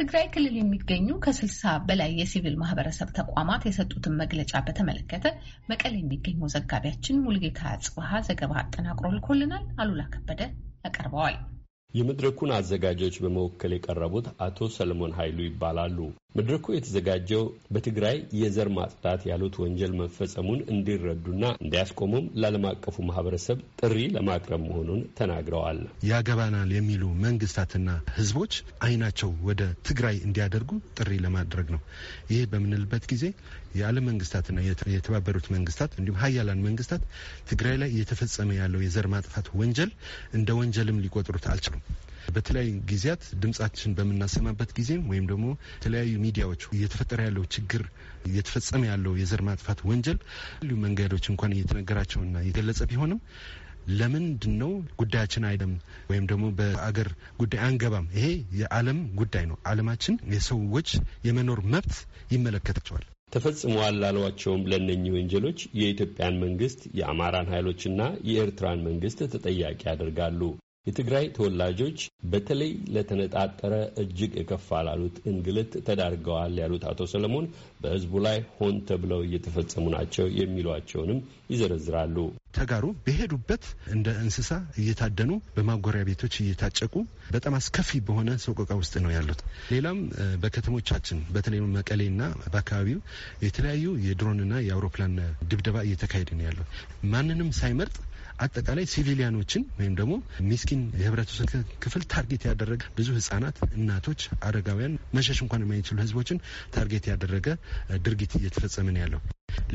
በትግራይ ክልል የሚገኙ ከስልሳ በላይ የሲቪል ማህበረሰብ ተቋማት የሰጡትን መግለጫ በተመለከተ መቀሌ የሚገኘው ዘጋቢያችን ሙልጌታ ጽብሃ ዘገባ አጠናቅሮ ልኮልናል። አሉላ ከበደ ያቀርበዋል። የመድረኩን አዘጋጆች በመወከል የቀረቡት አቶ ሰለሞን ኃይሉ ይባላሉ። መድረኩ የተዘጋጀው በትግራይ የዘር ማጽዳት ያሉት ወንጀል መፈጸሙን እንዲረዱና እንዲያስቆሙም ለዓለም አቀፉ ማህበረሰብ ጥሪ ለማቅረብ መሆኑን ተናግረዋል። ያገባናል የሚሉ መንግስታትና ህዝቦች አይናቸው ወደ ትግራይ እንዲያደርጉ ጥሪ ለማድረግ ነው። ይህ በምንልበት ጊዜ የዓለም መንግስታትና የተባበሩት መንግስታት እንዲሁም ሀያላን መንግስታት ትግራይ ላይ እየተፈጸመ ያለው የዘር ማጥፋት ወንጀል እንደ ወንጀልም ሊቆጥሩት አልችሉም። በተለያዩ ጊዜያት ድምጻችን በምናሰማበት ጊዜም ወይም ደግሞ የተለያዩ ሚዲያዎች እየተፈጠረ ያለው ችግር እየተፈጸመ ያለው የዘር ማጥፋት ወንጀል ሁሉ መንገዶች እንኳን እየተነገራቸውና የገለጸ ቢሆንም ለምንድን ነው ጉዳያችን አይደም ወይም ደግሞ በአገር ጉዳይ አንገባም? ይሄ የዓለም ጉዳይ ነው። ዓለማችን የሰዎች የመኖር መብት ይመለከታቸዋል። ተፈጽመዋል ላሏቸውም ለነኚህ ወንጀሎች የኢትዮጵያን መንግስት፣ የአማራን ኃይሎችና የኤርትራን መንግስት ተጠያቂ ያደርጋሉ። የትግራይ ተወላጆች በተለይ ለተነጣጠረ እጅግ የከፋ ላሉት እንግልት ተዳርገዋል ያሉት አቶ ሰለሞን በህዝቡ ላይ ሆን ተብለው እየተፈጸሙ ናቸው የሚሏቸውንም ይዘረዝራሉ። ተጋሩ በሄዱበት እንደ እንስሳ እየታደኑ በማጎሪያ ቤቶች እየታጨቁ በጣም አስከፊ በሆነ ሰቆቃ ውስጥ ነው ያሉት። ሌላም በከተሞቻችን በተለይ መቀሌና በአካባቢው የተለያዩ የድሮንና የአውሮፕላን ድብደባ እየተካሄደ ነው ያለው ማንንም ሳይመርጥ አጠቃላይ ሲቪሊያኖችን ወይም ደግሞ ሚስኪን የህብረተሰብ ክፍል ታርጌት ያደረገ ብዙ ህጻናት፣ እናቶች፣ አረጋውያን መሸሽ እንኳን የማይችሉ ህዝቦችን ታርጌት ያደረገ ድርጊት እየተፈጸመ ነው ያለው።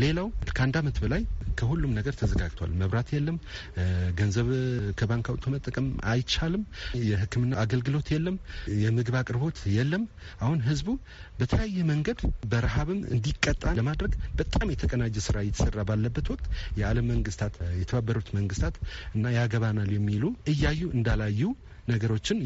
ሌላው ከአንድ አመት በላይ ከሁሉም ነገር ተዘጋግቷል። መብራት የለም። ገንዘብ ከባንክ አውጥቶ መጠቀም አይቻልም። የህክምና አገልግሎት የለም። የምግብ አቅርቦት የለም። አሁን ህዝቡ በተለያየ መንገድ በረሃብም እንዲቀጣ ለማድረግ በጣም የተቀናጀ ስራ እየተሰራ ባለበት ወቅት የዓለም መንግስታት የተባበሩት መንግስታት እና ያገባናል የሚሉ እያዩ እንዳላዩ ነገሮችን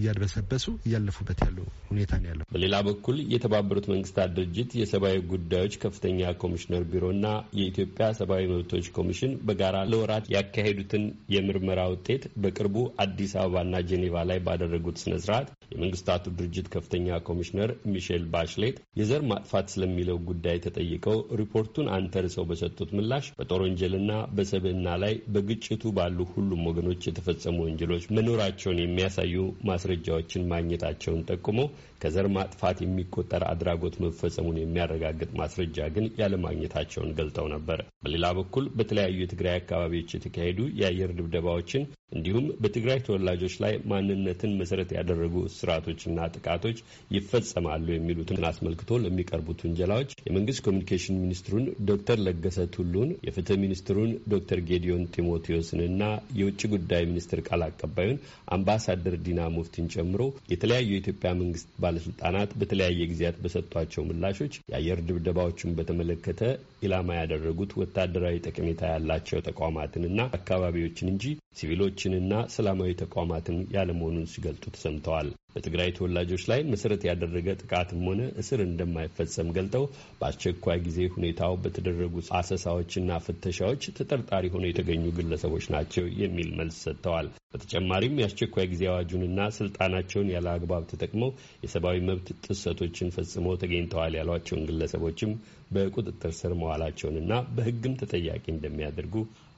እያድበሰበሱ እያለፉበት ያሉ ሁኔታ ነው ያለው። በሌላ በኩል የተባበሩት መንግስታት ድርጅት የሰብአዊ ጉዳዮች ከፍተኛ ኮሚሽነር ቢሮና የኢትዮጵያ ሰብአዊ መብቶች ኮሚሽን በጋራ ለወራት ያካሄዱትን የምርመራ ውጤት በቅርቡ አዲስ አበባና ጄኔቫ ላይ ባደረጉት ስነ ስርዓት የመንግስታቱ ድርጅት ከፍተኛ ኮሚሽነር ሚሼል ባሽሌት የዘር ማጥፋት ስለሚለው ጉዳይ ተጠይቀው ሪፖርቱን አንተርሰው በሰጡት ምላሽ በጦር ወንጀልና በሰብዕና ላይ በግጭቱ ባሉ ሁሉም ወገኖች የተፈጸሙ ወንጀሎች መኖራቸው መሆናቸውን የሚያሳዩ ማስረጃዎችን ማግኘታቸውን ጠቁሞ ከዘር ማጥፋት የሚቆጠር አድራጎት መፈጸሙን የሚያረጋግጥ ማስረጃ ግን ያለማግኘታቸውን ገልጠው ነበር። በሌላ በኩል በተለያዩ የትግራይ አካባቢዎች የተካሄዱ የአየር ድብደባዎችን እንዲሁም በትግራይ ተወላጆች ላይ ማንነትን መሰረት ያደረጉ ስርዓቶችና ጥቃቶች ይፈጸማሉ የሚሉትን አስመልክቶ ለሚቀርቡት ውንጀላዎች የመንግስት ኮሚኒኬሽን ሚኒስትሩን ዶክተር ለገሰ ቱሉን የፍትህ ሚኒስትሩን ዶክተር ጌዲዮን ጢሞቴዎስንና የውጭ ጉዳይ ሚኒስትር ቃል አቀባዩን አምባሳደር ዲና ሙፍቲን ጨምሮ የተለያዩ የኢትዮጵያ መንግስት ባለስልጣናት በተለያየ ጊዜያት በሰጧቸው ምላሾች የአየር ድብደባዎችን በተመለከተ ኢላማ ያደረጉት ወታደራዊ ጠቀሜታ ያላቸው ተቋማትንና አካባቢዎችን እንጂ ሲቪሎች ድርጅቶችንና ሰላማዊ ተቋማትን ያለመሆኑን ሲገልጡ ተሰምተዋል። በትግራይ ተወላጆች ላይ መሰረት ያደረገ ጥቃትም ሆነ እስር እንደማይፈጸም ገልጠው በአስቸኳይ ጊዜ ሁኔታው በተደረጉ አሰሳዎችና ፍተሻዎች ተጠርጣሪ ሆነው የተገኙ ግለሰቦች ናቸው የሚል መልስ ሰጥተዋል። በተጨማሪም የአስቸኳይ ጊዜ አዋጁንና ስልጣናቸውን ያለ አግባብ ተጠቅመው የሰብአዊ መብት ጥሰቶችን ፈጽመው ተገኝተዋል ያሏቸውን ግለሰቦችም በቁጥጥር ስር መዋላቸውንና በሕግም ተጠያቂ እንደሚያደርጉ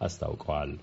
አስታውቀዋል።